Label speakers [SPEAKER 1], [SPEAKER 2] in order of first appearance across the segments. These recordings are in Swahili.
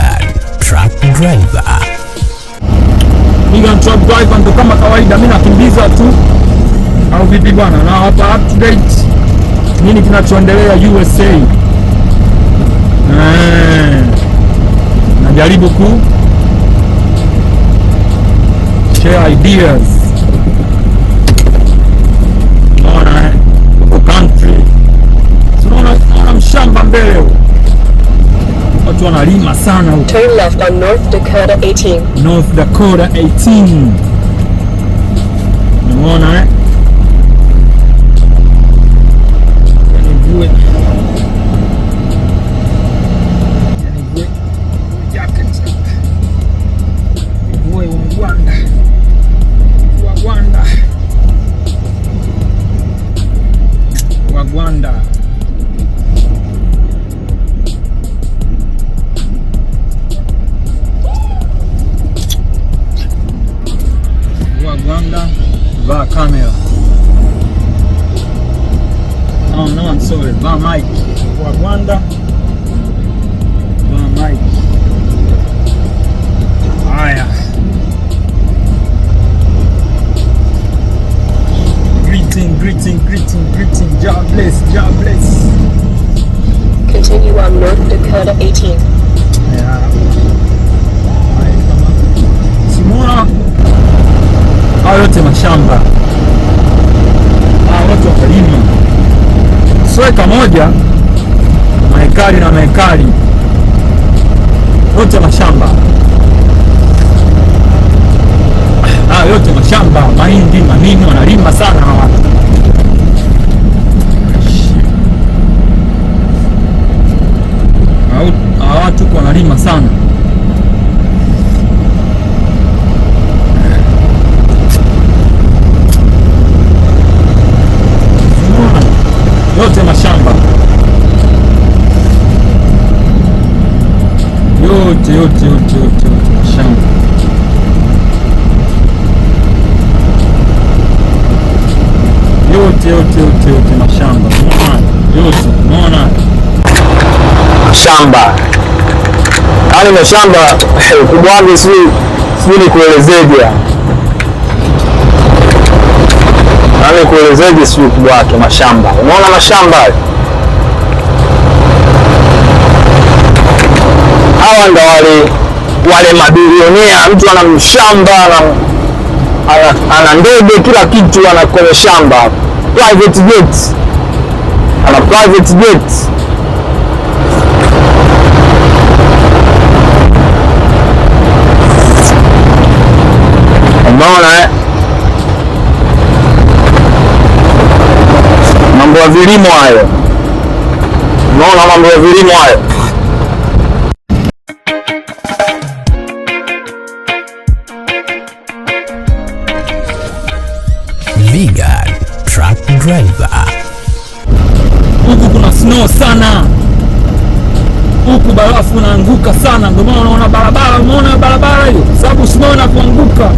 [SPEAKER 1] Richard truck driver. Vegan truck driver ndo kama kawaida, mimi nakimbiza tu au vipi bwana, na hapa up to date nini kinachoendelea USA. Eh, najaribu ku share ideas eh? country, tunaona mshamba mbele watu wanalima sana huko.
[SPEAKER 2] Turn left on North Dakota 18.
[SPEAKER 1] North Dakota 18. Unaona eh? Oh no, I'm sorry. Va Mike Wagwanda. Rwanda. Mike. Haya, greeting, greeting, greeting, greeting. God bless, God bless.
[SPEAKER 2] Continue on North Dakota 18. Yeah.
[SPEAKER 1] Simona, hayo yote mashamba. Ah, watu wakalima Sweka moja mahekari na mahekari yote mashamba yote yote mashamba yote, shamba yaani mashamba ukubwa wake si nikuelezeje, yaani, yaani kuelezeje, ukubwa wake mashamba. Unaona mashamba hawa ndo wale wale mabilionea. Mtu ana mshamba ana, ana, ana ndege kila kitu ana kwenye shamba hapo private jet, ana private jet Umeona eh? mambo ya vilimo hayo, unaona mambo ya vilimo hayo. huku barafu unaanguka sana, ndio maana unaona barabara, umeona barabara hiyo, sababu snow kuanguka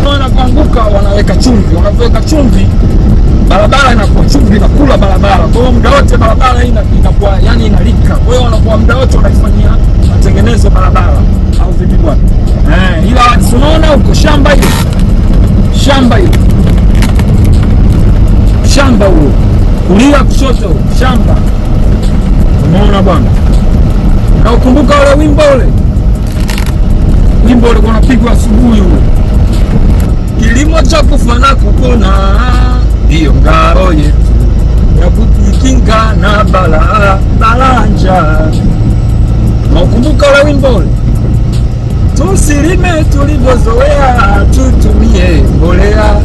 [SPEAKER 1] unaona kuanguka wanaweka chumvi, wanaweka chumvi barabara inakuwa chumvi inakula barabara. Kwa hiyo muda wote barabara hii inakuwa yani inalika. Kwa hiyo wanakuwa muda wote wanaifanyia matengenezo barabara, au vipi bwana? Eh, ila unaona huko shamba hili, shamba hili, shamba huo kulia kushoto, shamba. Umeona bwana? Na ukumbuka ule wimbo ule, wimbo ule unapigwa asubuhi ule, kilimo cha kufa na kupona ndiyo ngao yetu ya kujikinga na balaa balaa njaa. Na ukumbuka ule wimbo ule, tusilime tulivyozoea, tutumie mbolea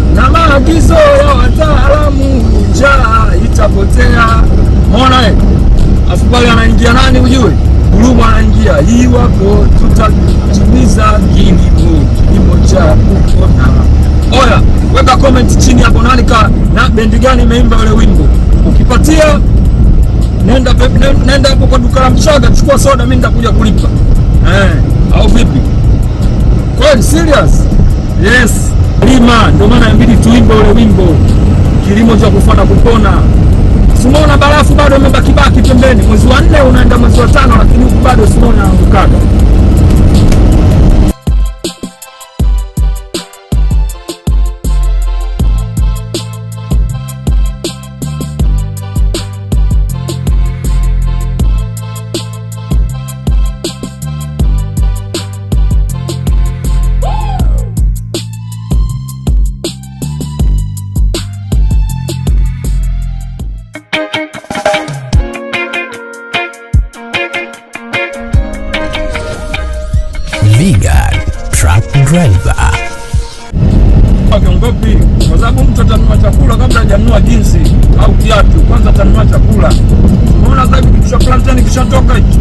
[SPEAKER 1] tumiza gini kilimo cha uko oya. Weka comment chini hapo, nani na bendi gani imeimba ule wimbo. Ukipatia nenda nenda hapo kwa duka la Mchaga, chukua soda, mimi nitakuja kulipa eh, au vipi? Kwani serious? Yes, lima. Ndio maana inabidi tuimbe ule wimbo, kilimo cha kufana kupona. Simona barafu bado imebaki baki pembeni, mwezi wa nne unaenda mwezi wa tano, lakini huku bado simona Viga truck driver. Kiongozi, kwa sababu mtu atanunua chakula kabla hajanunua jinsi au kiatu, kwanza atanunua chakula. Unaona sasa kitu cha plantain kishatoka hicho.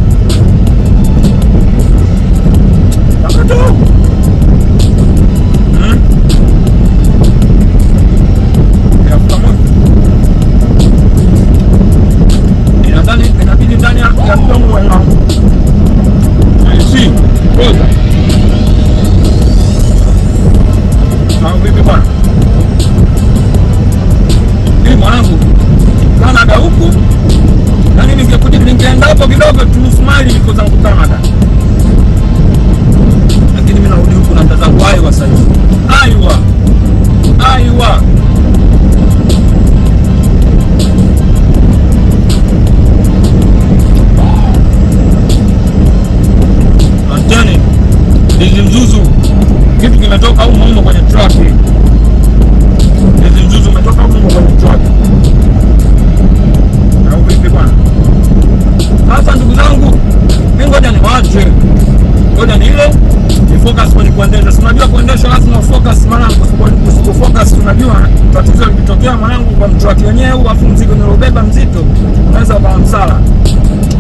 [SPEAKER 1] kumsaidia mwanangu kwa mtu wake wenyewe, au afu mzigo nilobeba mzito unaweza kwa msala.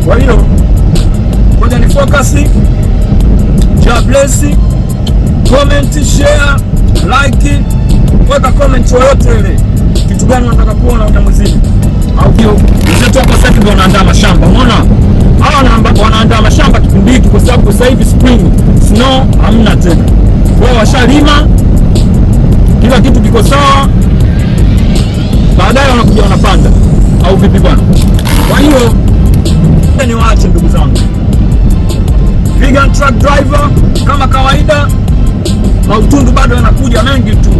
[SPEAKER 1] Kwa hiyo ngoja ni focus, bless, comment, share, like, weka comment yoyote ile, kitu gani unataka kuona mzigo au hiyo mzito hapo. Sasa ndio wanaandaa mashamba, umeona hawa na wanaandaa mashamba kipindi hiki, kwa sababu sasa hivi spring snow hamna tena, kwa washalima kila kitu kiko sawa baadaye wanakuja wanapanda, au vipi bwana? Kwa hiyo ni waache ndugu zangu, vegan truck driver kama kawaida, mautundu bado yanakuja mengi tu,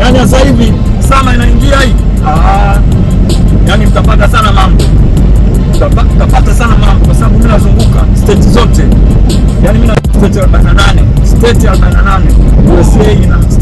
[SPEAKER 1] yaani sasa hivi sana inaingia hii, ah, yaani mtapata sana mambo mtapata sana mambo, kwa sababu mimi nazunguka state zote, yani mimi na state 48 state 48 USA ina